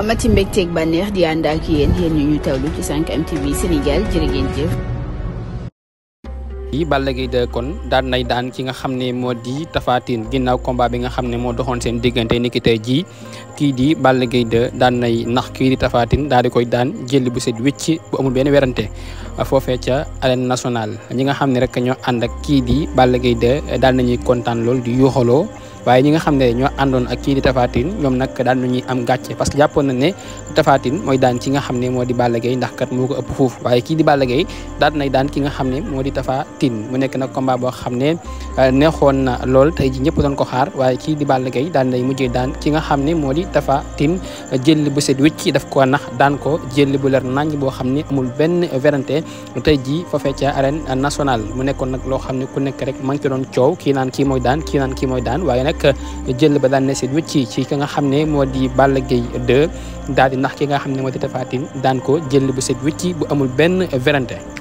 amati mbégteeg bànneex di ànd ak yéen yéen ñu tawlu ci 5M TV Sénégal jërë ngeen yi Balla kon daan nay daan ki nga xam ne moo di Tapha Tine ginnaaw bi nga xam ne moo doxoon seen diggante ni ji kii di Balla Gaye de daan nay nax kii di Tapha Tine daal di koy daan jël bu set wicc bu amul benn werante foofee ca arène nationale ñi nga xam ne rek ñoo ànd ak kii di Balla Gaye de daal nañuy kontaan lool di yuuxaloo waaye ñi nga xam ne ñoo àndoon ak kii di Tafatine ñoom nag daan nañuy am gàcce parce que jàppoon nañ ne Tafatine mooy daan ki nga xam ne moo di Balla Gaye ndax kat moo ko ëpp foofu waaye kii di Balla Gaye daan daan ki nga xam ne moo di Tafatine mu nekk na combat boo xam ne Eh, neexoon na lool tey ji ñëpp doon ko xaar waaye kii di Balla Gaye daan nay mujjee daan ki nga xam ne moo di Tapha Tine jël bu set wicc daf ko nax daan ko jël bu leer nañ boo xam ne amul benn werante tey ji foofee ca arène nationale mu nekkoon nag loo xam ne ku nekk rek ma ngi ci doon coow kii naan kii mooy daan kii kii mooy daan waaye nag jël ba daan na set wicc ci ki nga xam ne moo di Balla Gaye daal di nax ki nga xam ne moo di Tapha Tine daan ko jël bu set wicc bu amul benn werante